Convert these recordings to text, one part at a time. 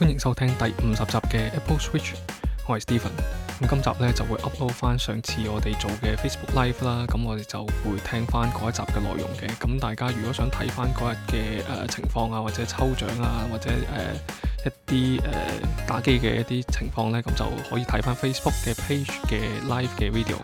歡迎收聽第五十集嘅 Apple Switch，我係 Steven，咁今集呢就會 upload 翻上次我哋做嘅 Facebook Live 啦，咁我哋就會聽翻嗰一集嘅內容嘅，咁大家如果想睇翻嗰日嘅誒情況啊，或者抽獎啊，或者誒一啲誒、呃、打機嘅一啲情況呢，咁就可以睇翻 Facebook 嘅 page 嘅 Live 嘅 video。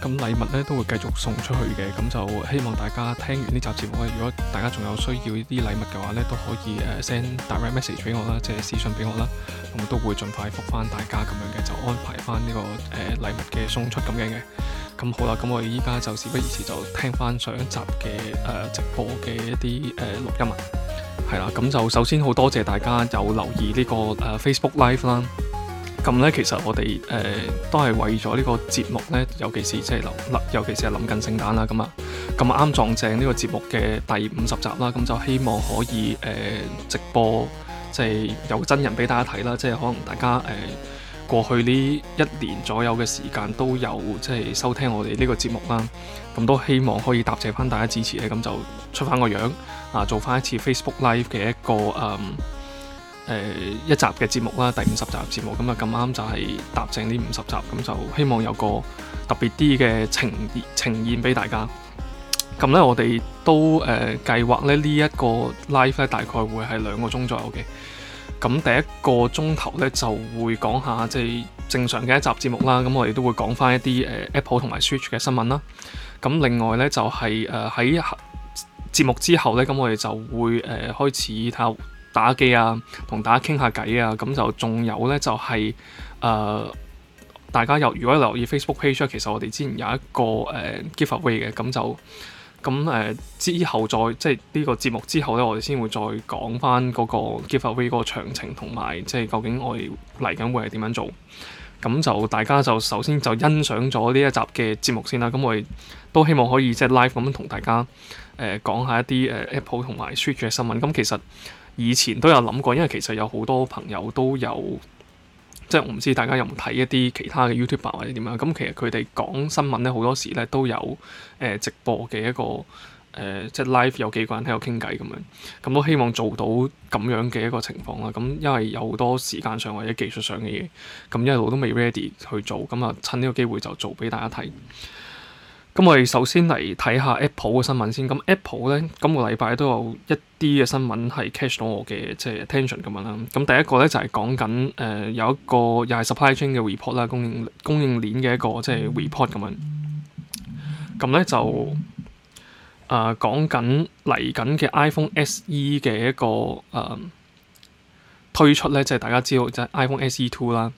咁禮物咧都會繼續送出去嘅，咁、嗯、就希望大家聽完呢集節目如果大家仲有需要啲禮物嘅話咧，都可以誒、呃、send direct message 俾我啦，即係私信俾我啦，我、嗯、都會盡快覆翻大家咁樣嘅，就安排翻呢、這個誒、呃、禮物嘅送出咁嘅嘅。咁、嗯、好啦，咁、嗯、我哋依家就事不宜遲就聽翻上一集嘅誒、呃、直播嘅一啲誒錄音啊，係啦，咁、嗯、就首先好多謝大家有留意呢、這個誒、呃、Facebook Live 啦。咁咧，其實我哋誒都係為咗呢個節目咧，尤其是即係臨，尤其是係臨近聖誕啦，咁啊咁啱撞正呢個節目嘅第五十集啦，咁就希望可以誒直播，即係有真人俾大家睇啦，即係可能大家誒過去呢一年左右嘅時間都有即係收聽我哋呢個節目啦，咁都希望可以答謝翻大家支持咧，咁就出翻個樣啊，做翻一次 Facebook Live 嘅一個啊。嗯誒、呃、一集嘅節目啦，第五十集節目咁啊，咁、嗯、啱就係踏正呢五十集，咁、嗯、就希望有個特別啲嘅呈呈現俾大家。咁、嗯嗯呃、呢，我哋都誒計劃咧呢一個 Live 咧，大概會係兩個鐘左右嘅。咁、嗯、第一個鐘頭呢，就會講下即係、就是、正常嘅一集節目啦。咁、嗯、我哋都會講翻一啲誒、呃、Apple 同埋 Switch 嘅新聞啦。咁、嗯、另外呢，就係誒喺節目之後呢，咁、嗯、我哋就會誒、呃、開始睇，看看打機啊，同大家傾下偈啊，咁就仲有呢，就係、是、誒、呃、大家又如果留意 Facebook page、啊、其實我哋之前有一個誒 giveaway 嘅，咁、呃、就咁誒、嗯呃、之後再即係呢個節目之後呢，我哋先會再講翻嗰個 giveaway 個詳情同埋即係究竟我哋嚟緊會係點樣做。咁就大家就首先就欣賞咗呢一集嘅節目先啦。咁我哋都希望可以即係 live 咁同大家誒、呃、講一下一啲誒、呃、Apple 同埋 Switch 嘅新聞。咁、嗯、其實～以前都有諗過，因為其實有好多朋友都有，即係我唔知大家有冇睇一啲其他嘅 YouTube 或者點樣。咁其實佢哋講新聞咧，好多時咧都有誒、呃、直播嘅一個誒、呃，即係 live 有幾個人喺度傾偈咁樣，咁都希望做到咁樣嘅一個情況啦。咁因為有好多時間上或者技術上嘅嘢，咁一路都未 ready 去做，咁啊趁呢個機會就做俾大家睇。咁我哋首先嚟睇下 Apple 嘅新聞先。咁 Apple 咧今個禮拜都有一啲嘅新聞係 catch 到我嘅即係 attention 咁樣啦。咁第一個咧就係、是、講緊誒、呃、有一個又係 supply chain 嘅 report 啦，供應供應鏈嘅一個即係、就是、report 咁樣。咁咧就誒、呃、講緊嚟緊嘅 iPhone SE 嘅一個誒、呃、推出咧，即、就、係、是、大家知道就係、是、iPhone SE Two 啦。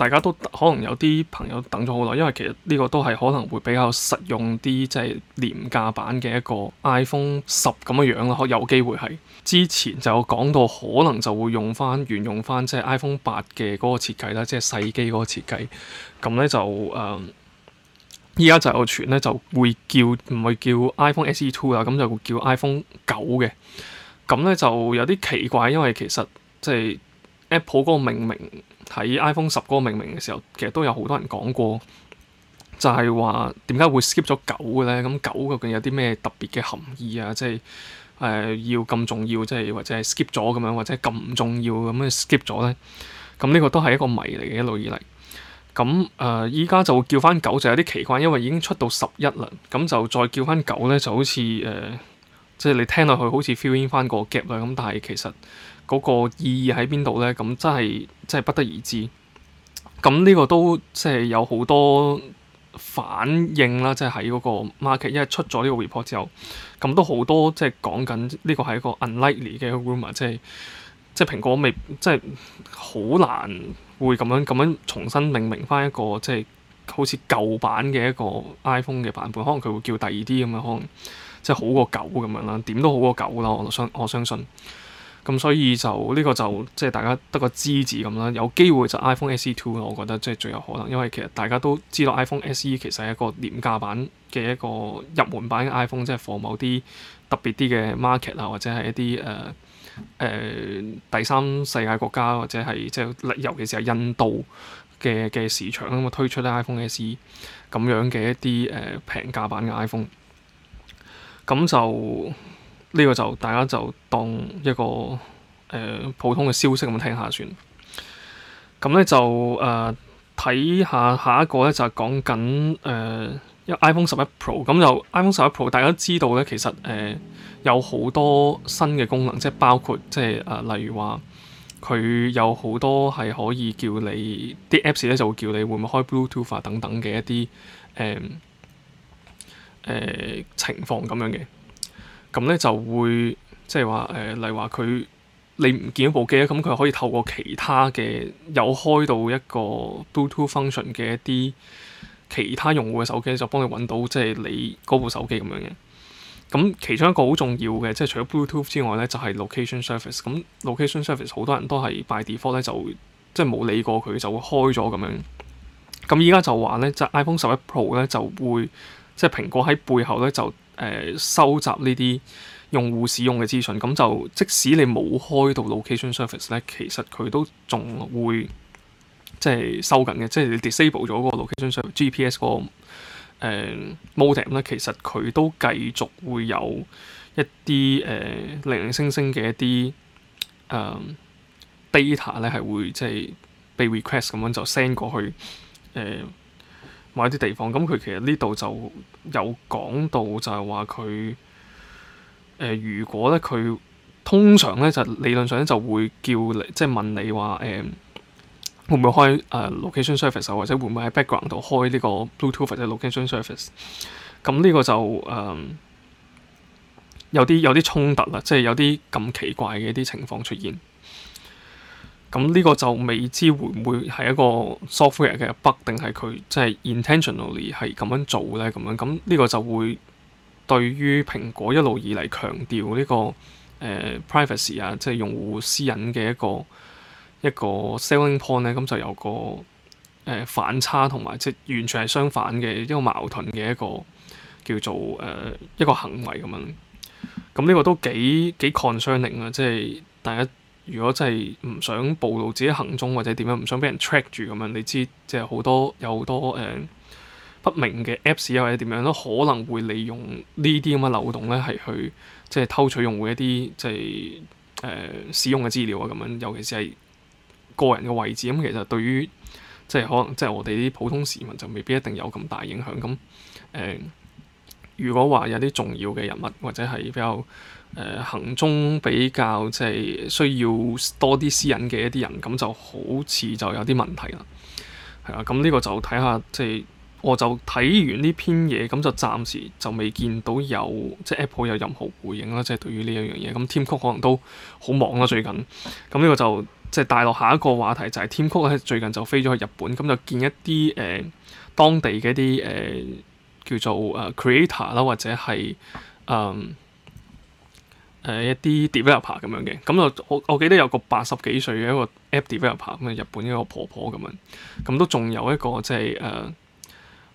大家都可能有啲朋友等咗好耐，因為其實呢個都係可能會比較實用啲，即、就、係、是、廉價版嘅一個 iPhone 十咁嘅樣啦，有機會係之前就有講到，可能就會用翻、原用翻即係 iPhone 八嘅嗰個設計啦，即係細機嗰個設計。咁咧就誒依家就有傳咧就會叫唔係叫 iPhone SE Two 啊，咁就會叫 iPhone 九嘅。咁咧就有啲奇怪，因為其實即係、就是、Apple 嗰個命名。睇 iPhone 十嗰個命名嘅時候，其實都有好多人講過就，就係話點解會 skip 咗九嘅咧？咁九究竟有啲咩特別嘅含義啊？即係誒、呃、要咁重要，即係或者係 skip 咗咁樣，或者咁重要咁 skip 咗咧？咁呢個都係一個謎嚟嘅，一路以嚟。咁誒依家就會叫翻九就有啲奇怪，因為已經出到十一啦，咁就再叫翻九咧，就好似誒即係你聽落去好似 filling 翻個 gap 啦。咁但係其實嗰個意義喺邊度咧？咁真係真係不得而知。咁呢個都即係有好多反應啦，即係喺嗰個 market，因為出咗呢個 report 之後，咁都好多即係講緊呢個係一個 unlikely 嘅 rumor，即係即係蘋果未即係好難會咁樣咁樣重新命名翻一個即係好似舊版嘅一個 iPhone 嘅版本，可能佢會叫第二啲咁樣，可能即係好過九咁樣啦。點都好過九啦，我相我相信。咁所以就呢個就即係大家得個知字咁啦，有機會就 iPhone SE Two 我覺得即係最有可能，因為其實大家都知道 iPhone SE 其實係一個廉價版嘅一個入門版嘅 iPhone，即係 for 某啲特別啲嘅 market 啊，或者係一啲誒誒第三世界國家，或者係即係尤其是係印度嘅嘅市場咁啊，推出 iPhone SE 咁樣嘅一啲誒平價版嘅 iPhone，咁就。呢個就大家就當一個誒、呃、普通嘅消息咁聽下算。咁咧就誒睇、呃、下下一個咧就係講緊誒 iPhone 十一 Pro。咁就 iPhone 十一 Pro 大家都知道咧，其實誒、呃、有好多新嘅功能，即係包括即係誒、呃、例如話佢有好多係可以叫你啲 Apps 咧就會叫你會唔會開 Bluetooth 啊等等嘅一啲誒誒情況咁樣嘅。咁咧就會即係話誒，例如話佢你唔見咗部機咧，咁佢可以透過其他嘅有開到一個 Bluetooth function 嘅一啲其他用戶嘅手機，就幫你揾到即係你嗰部手機咁樣嘅。咁其中一個好重要嘅，即係除咗 Bluetooth 之外咧，就係、是、Location Service 咁 Location Service 好多人都係 by default 咧，就即係冇理過佢，就會開咗咁樣。咁而家就話咧、就是，即係 iPhone 十一 Pro 咧就會即係蘋果喺背後咧就。誒、呃、收集呢啲用戶使用嘅資訊，咁就即使你冇開到 location service 咧，其實佢都仲會即係收緊嘅，即係你 disable 咗個 location service GPS 嗰、那個、呃、modem 咧，其實佢都繼續會有一啲誒、呃、零零星星嘅一啲誒 data 咧，係、呃、會即係被 request 咁樣就 send 過去誒。呃某啲地方，咁佢其實呢度就有講到就，就係話佢誒，如果咧佢通常咧就理論上咧就會叫你，即、就、係、是、問你話誒、呃，會唔會開誒、呃、location service，、啊、或者會唔會喺 background 度開呢個 Bluetooth 或者 location service？咁、啊、呢、這個就誒、呃、有啲有啲衝突啦，即、就、係、是、有啲咁奇怪嘅一啲情況出現。咁呢個就未知會唔會係一個 software 嘅 bug 定係佢即係 intentionally 係咁樣做咧？咁樣咁呢個就會對於蘋果一路以嚟強調呢、這個誒、呃、privacy 啊，即、就、係、是、用戶私隱嘅一個一個 selling point 咧，咁就有個誒、呃、反差同埋即係完全係相反嘅一個矛盾嘅一個叫做誒、呃、一個行為咁樣。咁呢個都幾幾 concerning 啊！即、就、係、是、大家。如果真係唔想暴露自己行蹤或者點樣，唔想俾人 track 住咁樣，你知即係好多有好多誒、uh, 不明嘅 apps 又或者點樣都可能會利用呢啲咁嘅漏洞咧，係去即係、就是、偷取用戶一啲即係誒使用嘅資料啊咁樣，尤其是係個人嘅位置。咁其實對於即係可能即係、就是、我哋啲普通市民就未必一定有咁大影響。咁誒，uh, 如果話有啲重要嘅人物或者係比較，呃、行蹤比較即係需要多啲私隱嘅一啲人，咁就好似就有啲問題啦，係啊。咁呢個就睇下，即係我就睇完呢篇嘢，咁就暫時就未見到有即係 Apple 有任何回應啦，即係對於呢一樣嘢。咁添曲可能都好忙啦，最近。咁呢個就即係帶落下一個話題，就係，就係添曲咧，最近就飛咗去日本，咁就見一啲誒、呃、當地嘅一啲誒、呃、叫做、呃、creator 啦，或者係嗯。呃誒、呃、一啲 developer 咁樣嘅，咁我我記得有個八十幾歲嘅一個 app developer，咁日本一個婆婆咁樣，咁都仲有一個即係誒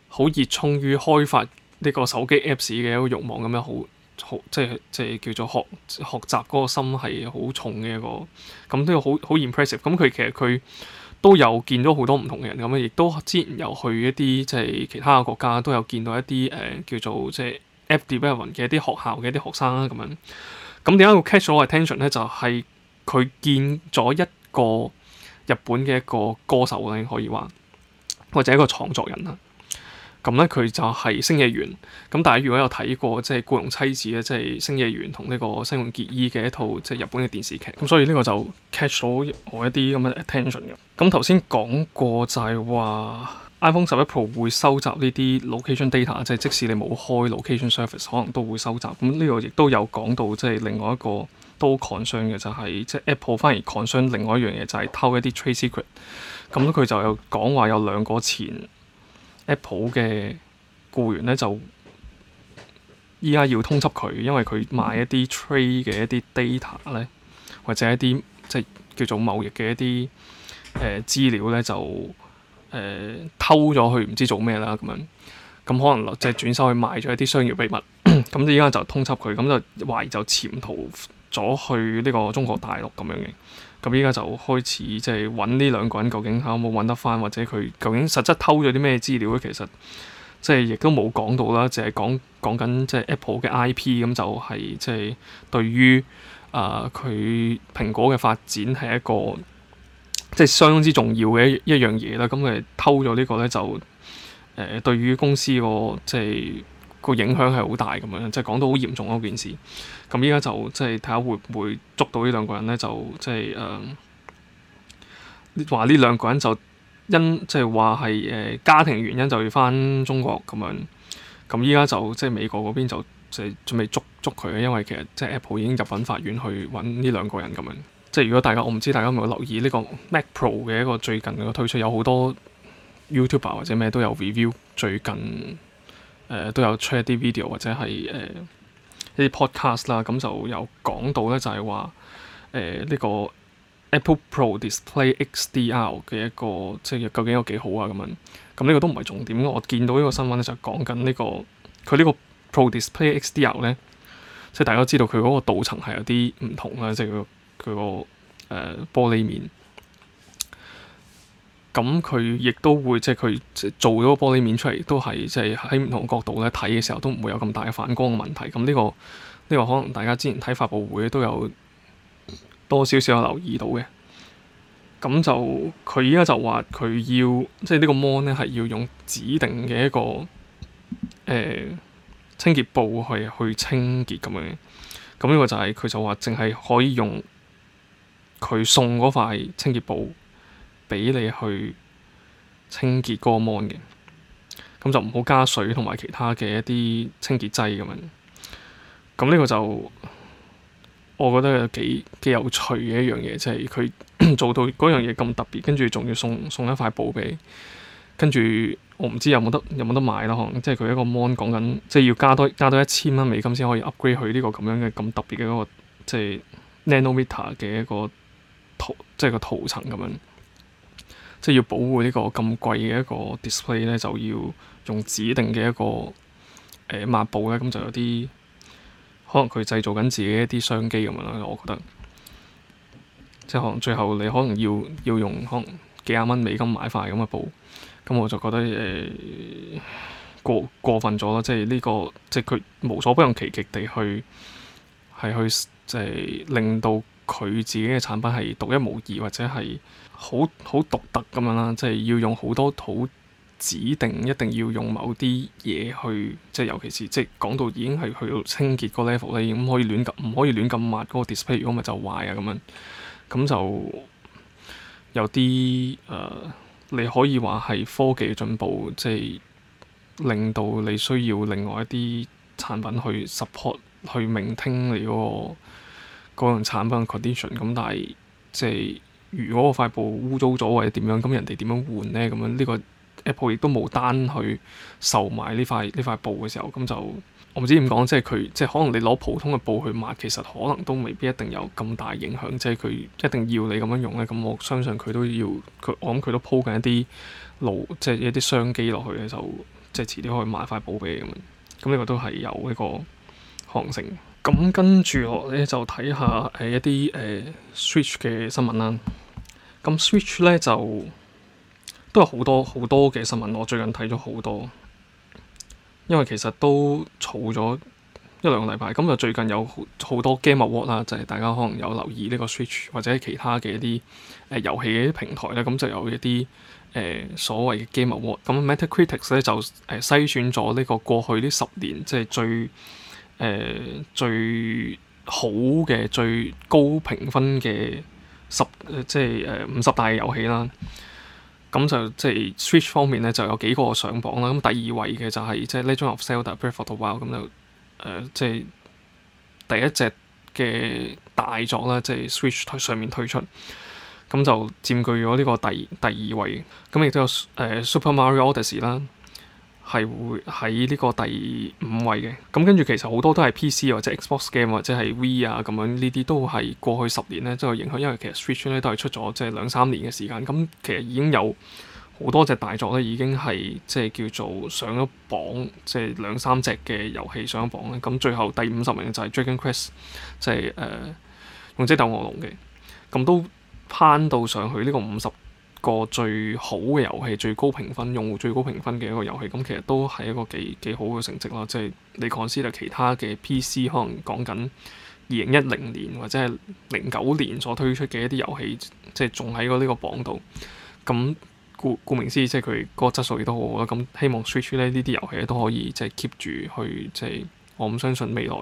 好熱衷於開發呢個手機 apps 嘅一個慾望咁樣，好好即係即係叫做學學習嗰個心係好重嘅一個，咁都好好 impressive。咁佢其實佢都有見咗好多唔同嘅人咁啊，亦都之前有去一啲即係其他嘅國家都有見到一啲誒、呃、叫做即係 app development 嘅一啲學校嘅一啲學生啦咁樣。咁點解會 catch 到我 attention 咧？就係、是、佢見咗一個日本嘅一個歌手咧，可以話或者一個創作人啦。咁咧佢就係星野源。咁大家如果有睇過即係《僱、就、傭、是、妻子》咧，即係星野源同呢個新垣結衣嘅一套即係日本嘅電視劇。咁所以呢個就 catch 咗我一啲咁嘅 attention 嘅。咁頭先講過就係話。iPhone 十一 Pro 會收集呢啲 location data，即係即使你冇開 location service，可能都會收集。咁呢個亦都有講到，即係另外一個都 concern 嘅，就係即係 Apple 反而 concern 另外一樣嘢，就係偷一啲 trade secret。咁佢就有講話有兩個前 Apple 嘅僱員咧，就依家要通緝佢，因為佢賣一啲 trade 嘅一啲 data 咧，或者一啲即係叫做貿易嘅一啲誒資料咧就。誒、呃、偷咗去唔知做咩啦咁樣，咁可能即係、就是、轉手去賣咗一啲商業秘密，咁依家就通緝佢，咁就懷疑就潛逃咗去呢個中國大陸咁樣嘅，咁依家就開始即係揾呢兩個人究竟有冇揾得翻，或者佢究竟實質偷咗啲咩資料咧？其實即係亦都冇講到啦，淨係講講緊即係 Apple 嘅 IP，咁就係即係對於啊佢、呃、蘋果嘅發展係一個。即係相當之重要嘅一一樣嘢啦，咁佢哋偷咗呢個咧就誒、呃，對於公司個即係個影響係好大咁樣，即係講到好嚴重嗰件事。咁依家就即係睇下會唔會捉到呢兩個人咧，就即係誒話呢兩個人就因即係話係誒家庭原因就要翻中國咁樣。咁依家就即係美國嗰邊就即係準備捉捉佢嘅，因為其實即係 Apple 已經入稟法院去揾呢兩個人咁樣。即係如果大家，我唔知大家有冇留意呢個 Mac Pro 嘅一個最近嘅推出，有好多 YouTuber 或者咩都有 review，最近誒、呃、都有出一啲 video 或者係誒、呃、一啲 podcast 啦，咁就有講到咧，就係話誒呢個 Apple Pro Display XDR 嘅一個即係究竟有幾好啊咁樣。咁呢個都唔係重點。我見到呢個新聞咧，就係講緊呢個佢呢個 Pro Display XDR 咧，即係大家知道佢嗰個導層係有啲唔同啦，即係佢。佢個誒玻璃面咁，佢亦都會即係佢做咗個玻璃面出嚟，都係即係喺唔同角度咧睇嘅時候，都唔會有咁大嘅反光嘅問題。咁呢、呢個呢、呢個可能大家之前睇發布會都有多少少有留意到嘅。咁就佢而家就話佢要即係呢個膜咧，係要用指定嘅一個誒、呃、清潔布去去清潔咁樣嘅。咁呢個就係、是、佢就話淨係可以用。佢送嗰塊清潔布畀你去清潔個 mon 嘅，咁就唔好加水同埋其他嘅一啲清潔劑咁樣。咁呢個就我覺得有幾幾有趣嘅一樣嘢，就係、是、佢 做到嗰樣嘢咁特別，跟住仲要送送一塊布畀你，跟住我唔知有冇得有冇得買啦，可能即係佢一個 mon 講緊，即、就、係、是、要加多加多一千蚊美金先可以 upgrade 佢呢個咁樣嘅咁特別嘅、那個就是、一個，即係 nanometer 嘅一個。即係個塗層咁樣，即係要保護呢個咁貴嘅一個 display 咧，就要用指定嘅一個誒、呃、抹布咧，咁就有啲可能佢製造緊自己一啲商機咁樣啦。我覺得即係可能最後你可能要要用可能幾廿蚊美金買塊咁嘅布，咁我就覺得誒、呃、過過分咗啦。即係呢、呢個即係佢無所不用其極地去係去即係、呃、令到。佢自己嘅產品係獨一無二，或者係好好獨特咁樣啦，即係要用好多土指定，一定要用某啲嘢去，即係尤其是即係講到已經係去到清潔個 level 咧，唔可以亂撳，唔可以亂撳抹嗰個 display，如果咪就壞啊咁樣，咁就有啲誒，uh, 你可以話係科技進步，即係令到你需要另外一啲產品去 support，去 maintain 你嗰個，嗰樣產品嘅 condition 咁，但係即係如果個塊布污糟咗或者點樣，咁人哋點樣換咧？咁樣呢、這個 Apple 亦都冇單去售賣呢塊呢塊布嘅時候，咁就我唔知點講，即係佢即係可能你攞普通嘅布去抹，其實可能都未必一定有咁大影響。即係佢一定要你咁樣用咧，咁我相信佢都要佢，我諗佢都鋪緊一啲路，即係一啲商機落去嘅，就即係遲啲可以買塊布俾咁。咁呢個都係有一個可能性。咁跟住我咧就睇下誒一啲誒、呃、Switch 嘅新聞啦。咁 Switch 咧就都有好多好多嘅新聞，我最近睇咗好多，因為其實都儲咗一兩個禮拜。咁、嗯、就最近有好多 Game Award 啦，就係、是、大家可能有留意呢個 Switch 或者其他嘅一啲誒、呃、遊戲嘅一啲平台咧。咁、嗯、就有一啲誒、呃、所謂嘅 Game Award、嗯。咁 Metacritic 咧就誒篩、呃、選咗呢個過去呢十年即係、就是、最。誒、呃、最好嘅最高評分嘅十、呃、即係誒、呃、五十大嘅遊戲啦，咁就即係 Switch 方面咧就有幾個上榜啦。咁第二位嘅就係、是、即係呢張《Legend of Zelda: Breath of the Wild》咁就誒即係第一隻嘅大作啦，即係 Switch 上面推出，咁就佔據咗呢個第第二位。咁亦都有誒、呃《Super Mario Odyssey》啦。係會喺呢個第五位嘅，咁跟住其實好多都係 PC 或者 Xbox Game 或者係 V 啊，咁樣呢啲都係過去十年咧都係影響。因為其實 Switch 咧都係出咗即係兩三年嘅時間，咁其實已經有好多隻大作咧已經係即係叫做上咗榜，即係兩三隻嘅遊戲上咗榜嘅，咁最後第五十名就係 Dragon Quest，即係誒勇者鬥惡龍嘅，咁都攀到上去呢個五十。個最好嘅遊戲，最高評分，用戶最高評分嘅一個遊戲，咁其實都係一個幾幾好嘅成績啦。即係你講先啦，其他嘅 PC 可能講緊二零一零年或者係零九年所推出嘅一啲遊戲，即係仲喺個呢個榜度。咁顧顧名思義，即係佢個質素亦都好好啦。咁希望 Switch 咧呢啲遊戲都可以即係 keep 住去，即係我唔相信未來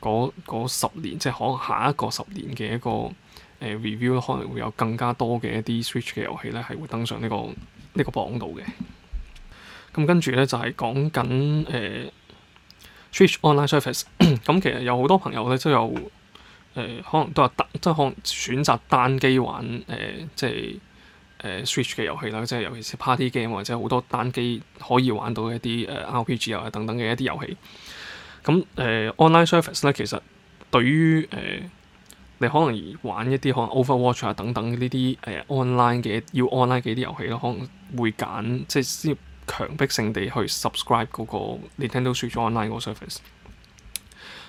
嗰十年，即係可能下一個十年嘅一個。review 可能會有更加多嘅一啲 switch 嘅遊戲咧，係會登上呢、這個呢、這個榜度嘅。咁跟住咧就係、是、講緊誒、呃、switch online service 咁 其實有好多朋友咧，都有誒、呃、可能都話單，即係可能選擇單機玩誒、呃，即係誒、呃、switch 嘅遊戲啦。即係尤其是 party game 或者好多單機可以玩到一啲誒、呃、RPG 啊等等嘅一啲遊戲。咁誒、呃、online service 咧，其實對於誒、呃你可能玩一啲可能 Overwatch 啊等等呢啲誒、呃、online 嘅要 online 嘅啲遊戲咯，可能會揀即係先強迫性地去 subscribe 嗰個 Nintendo Switch online 個 service。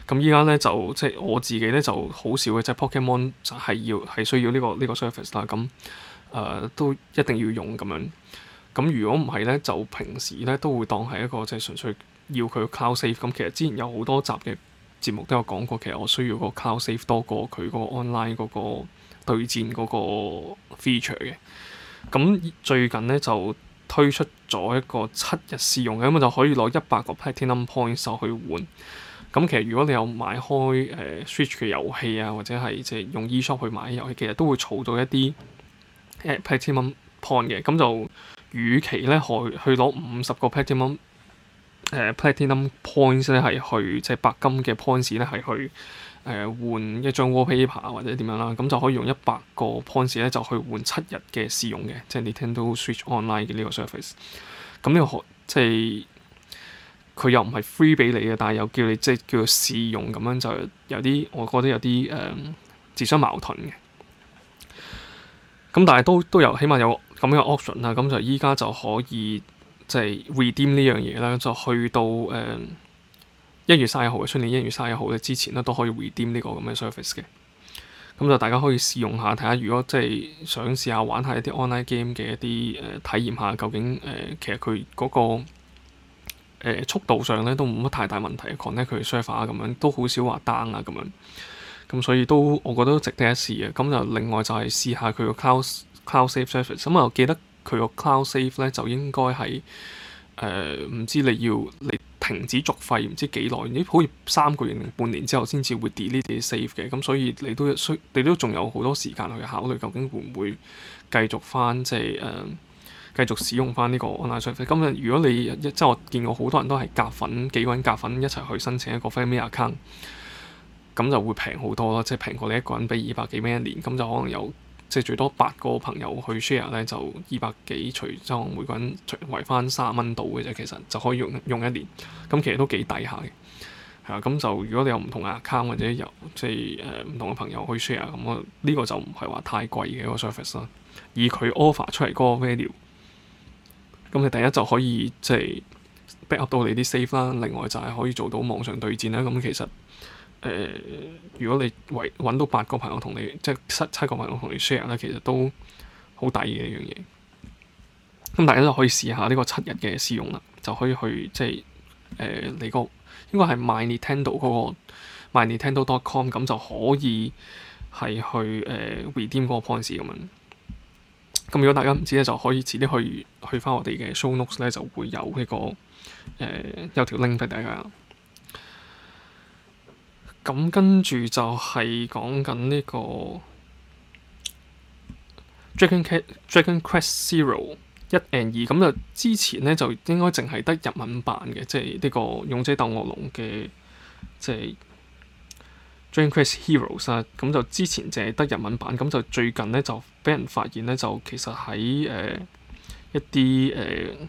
咁依家咧就即係我自己咧就好少嘅，即係 Pokemon、ok、就係要係需要呢、個呢、個 service 啦。咁誒、呃、都一定要用咁樣。咁如果唔係咧，就平時咧都會當係一個即係純粹要佢 cloud save。咁其實之前有好多集嘅。節目都有講過，其實我需要個 Cloud Save 多過佢個，個 Online 嗰個對戰嗰個 feature 嘅。咁最近咧就推出咗一個七日試用嘅，咁就可以攞一百個 Platinum Points 去換。咁其實如果你有買開誒、呃、Switch 嘅遊戲啊，或者係即係用 eShop 去買嘅遊戲，其實都會儲到一啲 Platinum Point 嘅。咁就與其咧，去攞五十個 Platinum 誒、呃、Platinum Points 咧係去即係、就是、白金嘅 Points 咧係去誒、呃、換一張 Wallpaper 或者點樣啦，咁就可以用一百個 Points 咧就去換七日嘅試用嘅，即係 Nintendo Switch Online 嘅呢個 service 咁呢、這個即係佢又唔係 free 俾你嘅，但係又叫你即係叫做試用咁樣，就有啲我覺得有啲誒自相矛盾嘅。咁但係都都有，起碼有咁樣嘅 option 啦。咁就依家就可以。即係 redeem 呢樣嘢啦，就去到誒一、呃、月三十一號嘅出年一月三十一號之前咧，都可以 redeem 呢個咁嘅 service 嘅。咁就大家可以試用下，睇下如果即係想試下玩下一啲 online game 嘅一啲誒、呃、體驗下，究竟誒、呃、其實佢嗰、那個誒、呃、速度上咧都冇乜太大問題，connect 佢 server 啊咁樣都好少話 down 啊咁樣。咁所以都我覺得值得一試嘅。咁就另外就係試下佢嘅 cloud cloud save service 咁啊記得。佢個 Cloud Save 咧就應該係誒，唔、呃、知你要嚟停止續費唔知幾耐，好似三個月、半年之後先至會 delete 啲 save 嘅。咁所以你都需，你都仲有好多時間去考慮，究竟會唔會繼續翻即係誒繼續使用翻呢個 online save？咁、嗯、啊，如果你一即係我見過好多人都係夾份幾個人夾份一齊去申請一個 family account，咁就會平好多啦，即係平過你一個人俾二百幾蚊一年，咁就可能有。即係最多八個朋友去 share 咧，就二百幾除，即我每個人除為翻三十蚊度嘅啫。其實就可以用用一年，咁其實都幾抵下嘅。係啊，咁就如果你有唔同 account 或者有即係誒唔同嘅朋友去 share，咁我呢個就唔係話太貴嘅個 service 啦。以佢 offer 出嚟嗰個 value，咁你第一就可以即係 back up 到你啲 save 啦，另外就係可以做到網上對戰啦。咁其實～誒，如果你揾揾到八個朋友同你，即係七七個朋友同你 share 咧，其實都好抵嘅一樣嘢。咁大家都可以試下呢個七日嘅試用啦，就可以去即係誒、呃、你個應該係 My Nintendo 嗰、那個 MyNintendo.com，咁就可以係去誒、呃、redeem 嗰個 points 咁樣。咁如果大家唔知咧，就可以遲啲去去翻我哋嘅 show notes 咧，就會有呢、這個誒、呃、有條 link 俾大家。咁跟住就係講緊呢個 Dragon Quest Zero 一 and 二，咁就之前呢，就應該淨係得日文版嘅，即係呢個勇者鬥惡龍嘅，即係 Dragon Quest Heroes 啊。咁就之前淨係得日文版，咁就最近呢，就俾人發現呢，就其實喺誒、呃、一啲誒、呃、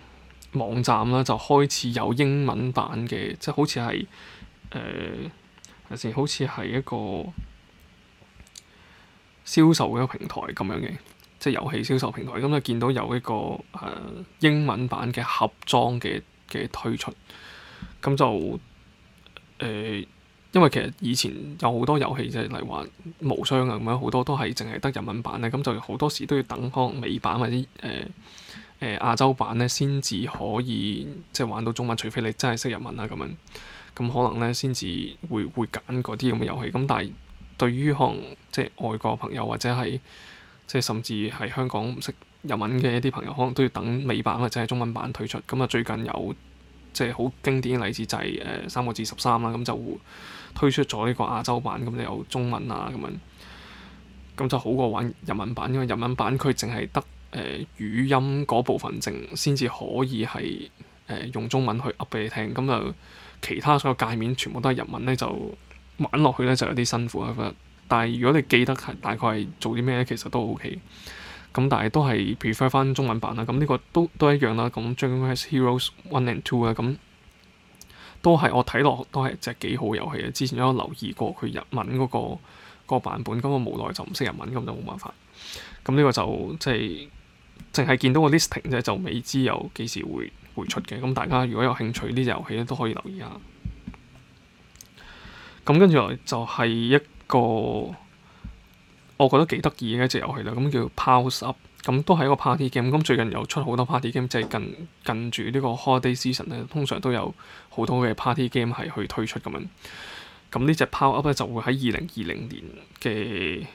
網站啦，就開始有英文版嘅，即係好似係誒。呃好似係一個銷售嘅一個平台咁樣嘅，即係遊戲銷售平台。咁就見到有一個誒、呃、英文版嘅盒裝嘅嘅推出，咁就誒、呃，因為其實以前有好多遊戲就係例如話無雙啊咁樣，好多都係淨係得日文版咧，咁就好多時都要等可能美版或者誒誒、呃呃、亞洲版咧先至可以即係玩到中文，除非你真係識日文啦咁樣。咁可能咧，先至會會揀嗰啲咁嘅遊戲。咁但係對於可能即係外國朋友或者係即係甚至係香港唔識日文嘅一啲朋友，可能都要等美版或者係中文版推出。咁啊，最近有即係好經典嘅例子就係誒《三個字十三》啦。咁就推出咗呢個亞洲版，咁就有中文啊，咁樣咁就好過玩日文版，因為日文版佢淨係得誒語音嗰部分，淨先至可以係誒用中文去噏俾你聽咁就。其他所有界面全部都係日文咧，就玩落去咧就有啲辛苦啊！我覺得，但係如果你記得係大概係做啲咩咧，其實都 OK。咁但係都係 prefer 翻中文版啦。咁呢個都都一樣啦。咁《Dragon Quest Heroes One and Two》啊，咁都係我睇落都係隻幾好遊戲啊！之前有留意過佢日文嗰、嗰個、嗰個版本，咁我無奈就唔識日文，咁就冇辦法。咁呢個就即係淨係見到個 listing 啫，就未知有幾時會會出嘅，咁大家如果有興趣呢隻遊戲咧，都可以留意下。咁跟住落嚟就係一個我覺得幾得意嘅一隻遊戲啦，咁叫 Power Up，咁都係一個 party game。咁最近又出好多 party game，即係近近住呢個 Holiday Season 咧，通常都有好多嘅 party game 係去推出咁樣。咁呢隻 Power Up 咧就會喺二零二零年嘅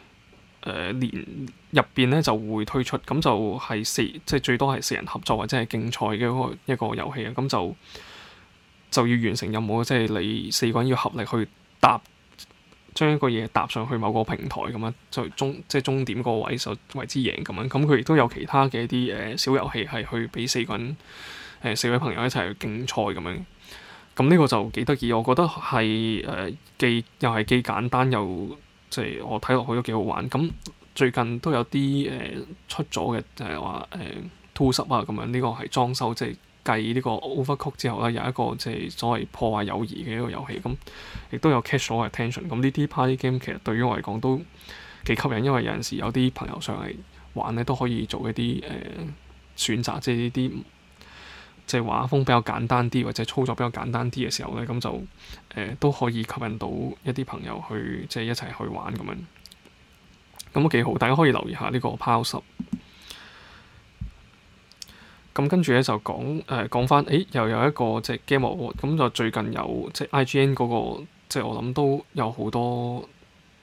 誒年入邊咧就會推出，咁就係四，即係最多係四人合作或者係競賽嘅一個一個遊戲啊。咁就就要完成任務，即係你四個人要合力去搭，將一個嘢搭上去某個平台咁樣，就終，即係終點嗰個位就為之贏咁樣。咁佢亦都有其他嘅啲誒小遊戲係去俾四個人誒、呃、四位朋友一齊去競賽咁樣。咁呢個就幾得意，我覺得係誒、呃、既又係既簡單又～即係我睇落去都幾好玩，咁最近都有啲誒、呃、出咗嘅，就係話誒 Tools Up 啊，咁樣呢、這個係裝修，即係繼呢個 Overcooked 之後咧，有一個即係所謂破壞友誼嘅一個遊戲，咁亦都有 catch 咗我嘅 attention。咁呢啲 party game 其實對於我嚟講都幾吸引，因為有陣時有啲朋友上嚟玩咧，都可以做一啲誒、呃、選擇，即係呢啲。即係畫風比較簡單啲，或者操作比較簡單啲嘅時候呢，咁就誒、呃、都可以吸引到一啲朋友去即係一齊去玩咁樣，咁都幾好。大家可以留意下呢個拋石。咁跟住呢，就講誒、呃、講返，誒又有一個即係 game award，咁就最近有即係 IGN 嗰、嗰個，即係我諗都有好多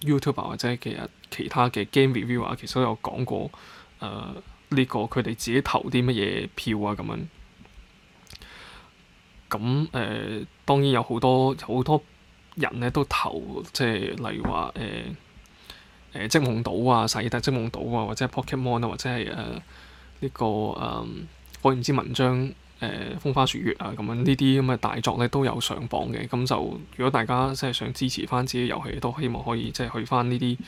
YouTuber 或者其實其他嘅 game reviewer 其實都有講過誒呢、呃呢個佢哋自己投啲乜嘢票啊咁樣。咁誒、呃、當然有好多好多人咧都投，即係例如話誒誒《積、呃呃、夢島》啊，《薩爾德積夢島》啊，或者《Pokémon》啊，或者係誒呢個誒、呃、我唔知文章誒、呃《風花雪月》啊，咁樣呢啲咁嘅大作咧都有上榜嘅。咁就如果大家即係想支持翻自己遊戲，都希望可以即係去翻呢啲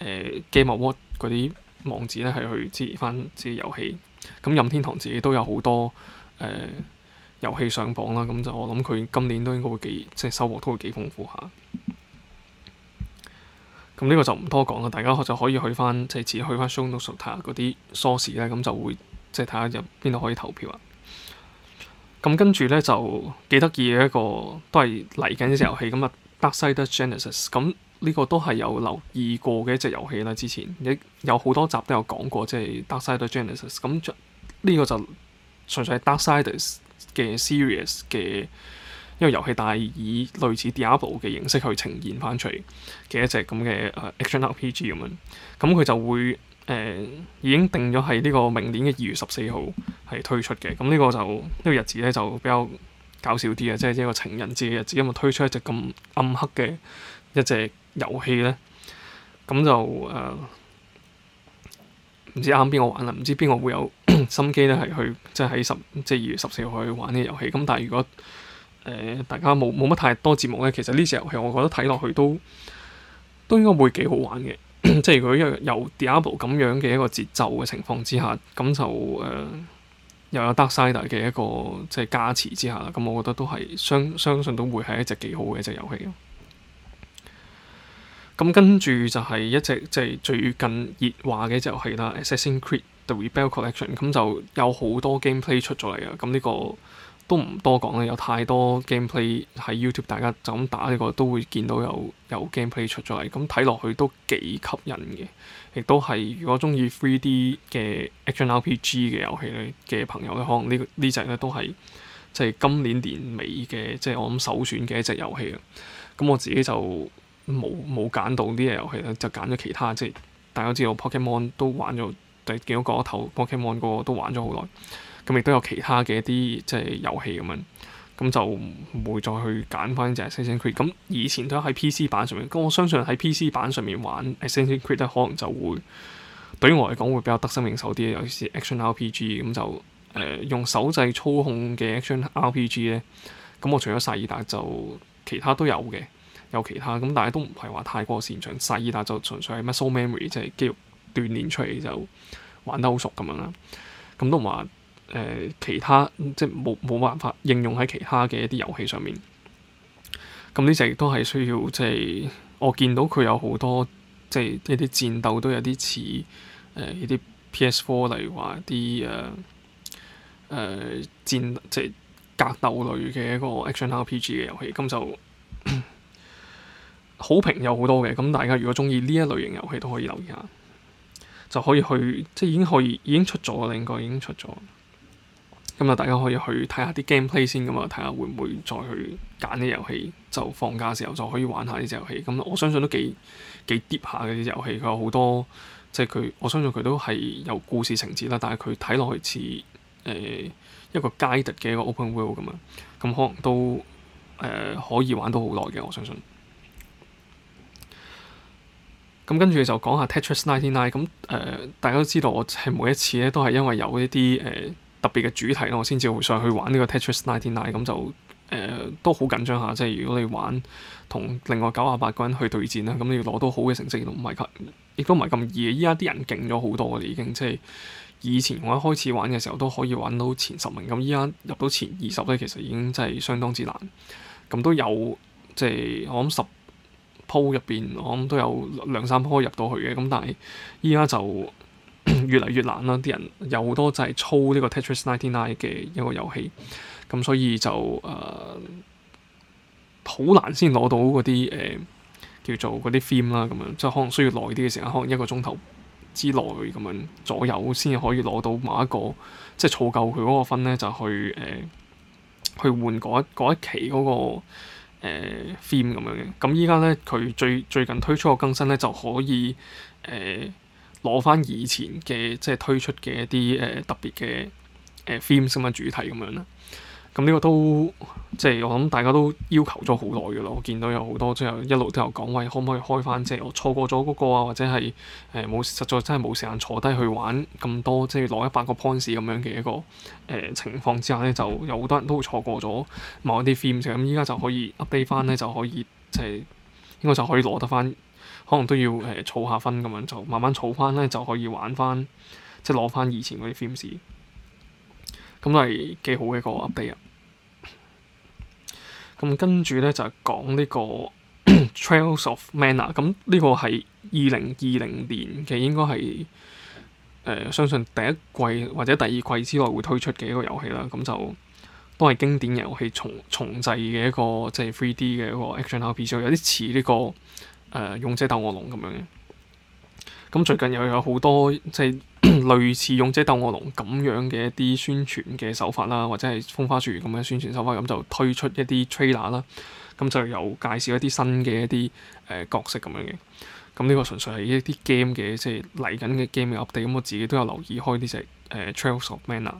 誒 Game Awards 嗰啲網址咧係去支持翻自己遊戲。咁任天堂自己都有好多誒。呃遊戲上榜啦，咁就我諗佢今年都應該會幾，即係收穫都會幾豐富下。咁呢個就唔多講啦，大家就可以去翻，即係自己去翻 show notes 嗰啲 source 咧，咁就會即係睇下有邊度可以投票啊。咁跟住咧就幾得意嘅一個，都係嚟緊嘅遊戲。咁啊，《Darksiders Genesis》咁呢個都係有留意過嘅一隻遊戲啦。之前有好多集都有講過，即係《Darksiders Genesis》咁。呢個就純粹係《Darksiders》。嘅 serious 嘅，一個遊戲，但係以類似 Diablo 嘅形式去呈現翻出嘅一隻咁嘅誒 action RPG 咁樣，咁、嗯、佢就會誒、呃、已經定咗係呢個明年嘅二月十四號係推出嘅。咁、嗯、呢、這個就呢、這個日子咧就比較搞笑啲嘅，即係一個情人節嘅日子，因為推出一隻咁暗黑嘅一隻遊戲咧，咁、嗯、就誒。Uh, 唔知啱邊個玩啦，唔知邊個會有 心機咧，係去即係喺十即係二月十四號去玩呢個遊戲。咁但係如果誒、呃、大家冇冇乜太多節目咧，其實呢隻遊戲我覺得睇落去都都應該會幾好玩嘅。 即係佢有有 Diablo 咁樣嘅一個節奏嘅情況之下，咁就誒、呃、又有得 s Darksiders 嘅一個即係、就是、加持之下啦。咁我覺得都係相相信都會係一隻幾好嘅一隻遊戲。咁跟住就係一隻即係最近熱話嘅一隻遊戲啦，《Assassin’s Creed：The Rebel Collection》咁就有好多 gameplay 出咗嚟啊！咁呢個都唔多講啦，有太多 gameplay 喺 YouTube，大家就咁打呢個都會見到有有 gameplay 出咗嚟，咁睇落去都幾吸引嘅。亦都係如果中意 3D 嘅 Action RPG 嘅遊戲咧嘅朋友咧，可能呢呢隻咧都係即係今年年尾嘅即係我諗首選嘅一隻遊戲啊！咁我自己就～冇冇揀到啲嘢遊戲咧，就揀咗其他，即、就、係、是、大家知道 Pokemon、ok、都玩咗，就見到個頭 Pokemon 個都玩咗好耐，咁亦都有其他嘅一啲即係遊戲咁樣，咁就唔會再去揀翻隻《Assassin's Creed》，咁以前都喺 PC 版上面，咁我相信喺 PC 版上面玩《Assassin's Creed》咧，可能就會對於我嚟講會比較得心應手啲，尤其是 Action RPG，咁就誒、呃、用手掣操控嘅 Action RPG 咧，咁我除咗《薩爾達》就其他都有嘅。有其他咁，但係都唔係話太過擅長細，但就純粹係 muscle memory 即係肌肉鍛鍊出嚟就玩得好熟咁樣啦。咁都唔話誒其他，即係冇冇辦法應用喺其他嘅一啲遊戲上面。咁呢隻亦都係需要即係、就是、我見到佢有好多即係、就是、一啲戰鬥都有啲似誒啲 PS Four，例如話啲誒誒戰即係、就是、格鬥類嘅一個 Action RPG 嘅遊戲，咁就。好評有好多嘅，咁大家如果鍾意呢一類型遊戲都可以留意下，就可以去即係已經可以已經出咗啦，應該已經出咗。咁啊，大家可以去睇下啲 gameplay 先咁啊，睇下會唔會再去揀啲遊戲，就放假時候就可以玩下呢隻遊戲。咁我相信都幾幾 deep 下嘅呢隻遊戲，佢有好多即係佢，我相信佢都係有故事情節啦。但係佢睇落去似誒、呃、一個街特嘅一個 open world 咁啊，咁可能都誒、呃、可以玩到好耐嘅，我相信。咁跟住就講下 Tetris 99。咁、呃、誒，大家都知道我係每一次咧都係因為有一啲誒、呃、特別嘅主題咯，我先至會上去玩呢個 Tetris 99。咁就誒都好緊張下，即、就、係、是、如果你玩同另外九啊八個人去對戰啦，咁你要攞到好嘅成績都唔係咁，亦都唔係咁易嘅。依家啲人勁咗好多，我哋已經即係、就是、以前我一開始玩嘅時候都可以玩到前十名，咁依家入到前二十咧，其實已經真係相當之難。咁都有即係、就是、我諗十鋪入邊，我諗都有兩三鋪入到去嘅，咁但係依家就 越嚟越難啦。啲人有好多就係操呢個《Tetris Ninety Nine》嘅一個遊戲，咁所以就誒好、呃、難先攞到嗰啲誒叫做嗰啲 film 啦。咁樣即係可能需要耐啲嘅時間，可能一個鐘頭之內咁樣左右先可以攞到某一個即係儲夠佢嗰個分咧，就去誒、呃、去換一嗰一期嗰、嗰個。誒 theme 咁樣嘅，咁依家咧佢最最近推出嘅更新咧，就可以誒攞翻以前嘅即係推出嘅一啲誒、呃、特別嘅誒 theme 新聞主題咁樣啦。咁呢個都即係我諗大家都要求咗好耐嘅啦，我見到有好多即係一路都有講，喂，可唔可以開翻即係我錯過咗嗰個啊，或者係誒冇實在真係冇時間坐低去玩咁多，即係攞一百個 points 咁樣嘅一個誒、呃、情況之下咧，就有好多人都會錯過咗某一啲 film。咁依家就可以 update 翻咧，就可以即係應該就可以攞得翻，可能都要誒儲、呃、下分咁樣，就慢慢儲翻咧，就可以玩翻即係攞翻以前嗰啲 films。咁都係幾好嘅一個 update 啊。咁跟住咧就係講呢個 Trails of Mana。咁呢個係二零二零年嘅，應該係誒相信第一季或者第二季之內會推出嘅一個遊戲啦。咁就都係經典遊戲重重製嘅一個即係 3D 嘅一個 action RPG，有啲似呢個誒勇者鬥惡龍咁樣嘅。咁最近又有好多即係。 類似勇者鬥惡龍咁樣嘅一啲宣傳嘅手法啦，或者係風花雪月咁嘅宣傳手法，咁就推出一啲 trailer 啦，咁就有介紹一啲新嘅一啲誒、呃、角色咁樣嘅。咁呢個純粹係一啲 game 嘅，即係嚟緊嘅 game 嘅 update。咁我自己都有留意開啲即係、呃、Trails of Mana。